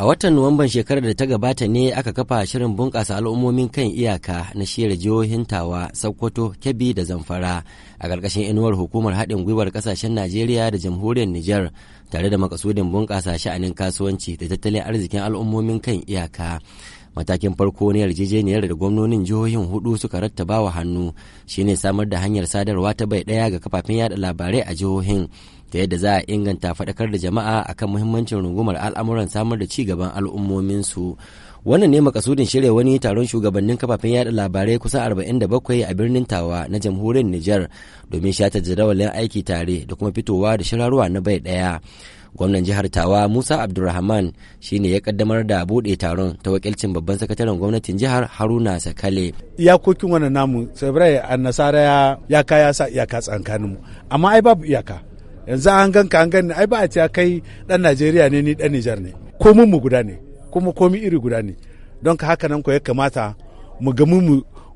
A watan Nuwamban shekarar da ta gabata ne aka kafa shirin bunƙasa al'ummomin kan iyaka na shirya jihohin Tawa, Sokoto, Kebbi da Zamfara a ƙarƙashin inuwar hukumar haɗin gwiwar ƙasashen Najeriya da jamhuriyar Nijar tare da makasudin bunƙasa sha'anin kasuwanci da tattalin arzikin al'ummomin kan iyaka. Matakin farko ne yarjejeniyar da gwamnonin jihohin hudu suka rattaba wa hannu shine samar da hanyar sadarwa ta bai ɗaya ga kafafen yada labarai a jihohin. ta yadda za a inganta faɗakar da jama'a akan muhimmancin rungumar al'amuran samar da ci gaban al'ummominsu wannan ne makasudin shirya wani taron shugabannin kafafen yada labarai kusan arba'in da bakwai a birnin tawa na jamhuriyar Nijar domin shata jadawalin aiki tare da kuma fitowa da shirarwa na bai ɗaya Gwamnan jihar Tawa Musa Abdulrahman shine ya kaddamar da bude taron ta wakilcin babban sakataren gwamnatin jihar Haruna Sakale. Iyakokin wannan namu a nasara ya kaya sa iyaka tsankaninmu amma ai babu iyaka yanzu an ganka an gani ai ba a ce kai dan najeriya ne ni dan nijar ne komin mu guda ne kuma komi iri guda ne don ka haka nan ko ya kamata mu ga mu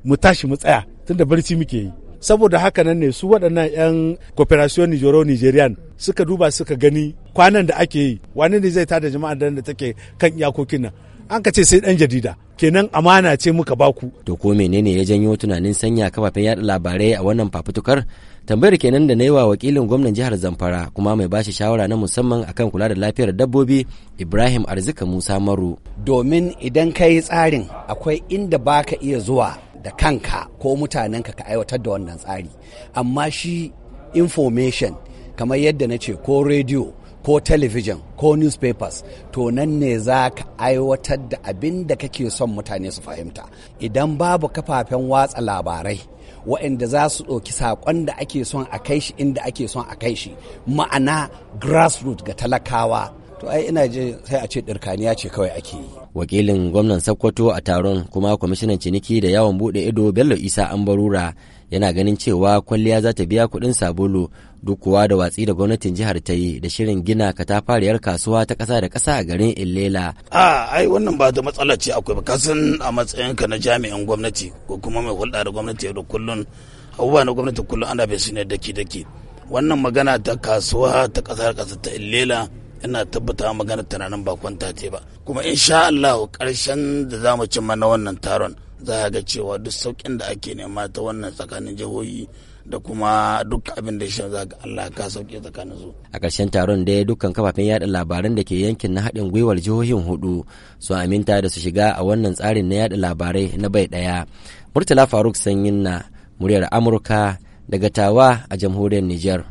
mu tashi mu tsaya tunda barci muke yi saboda haka nan ne su waɗannan 'yan cooperation nijoro nigerian suka duba suka gani kwanan da ake yi wani ne zai tada jama'a da take kan iyakokin nan an ka ce sai dan jarida kenan amana ce muka baku to ko menene ya janyo tunanin sanya kafafen yada labarai a wannan fafutukar tambayar kenan da na yi wa wakilin gwamnan jihar zamfara kuma mai bashi shawara na musamman akan kula da lafiyar dabbobi ibrahim arzika musa maru domin idan ka yi tsarin akwai inda baka iya zuwa da kanka ko mutanenka ka aiwatar da wannan tsari amma shi information kamar yadda na ce ko rediyo ko talabijin ko newspapers to nan ne za ka aiwatar da abin da kake son mutane su fahimta idan babu kafafen watsa labarai waɗanda za su ɗauki saƙon da ake son a kai shi inda ake son a kai shi ma'ana grassroots ga talakawa to ai ina je sai a ce dirkaniya ce kawai ake yi wakilin gwamnan sokoto a taron kuma kwamishinan ciniki da yawon bude ido bello isa ambarura yana ganin cewa kwalliya za ta biya kuɗin sabulu duk kuwa da watsi da gwamnatin jihar ta yi da shirin gina katafariyar kasuwa ta kasa da kasa a garin illela a ai wannan ba da matsala ce akwai ba a matsayinka na jami'in gwamnati ko kuma mai hulɗa da gwamnati da kullun abubuwa na gwamnati kullun ana bai su ne daki daki wannan magana ta kasuwa ta ƙasa da ƙasa ta illela ina tabbata magana tunanin ba kwanta ce ba kuma in sha Allah karshen da za mu cimma na wannan taron za a ga cewa duk saukin da ake nema ta wannan tsakanin jihohi da kuma duk abin da shi zaga Allah ka sauke tsakanin su. A ƙarshen taron da dukkan kafafen yada labaran da ke yankin na haɗin gwiwar jihohin hudu su aminta da su shiga a wannan tsarin na yada labarai na bai ɗaya. Murtala Faruk Sanyin na muryar Amurka daga Tawa a jamhuriyar Nijar.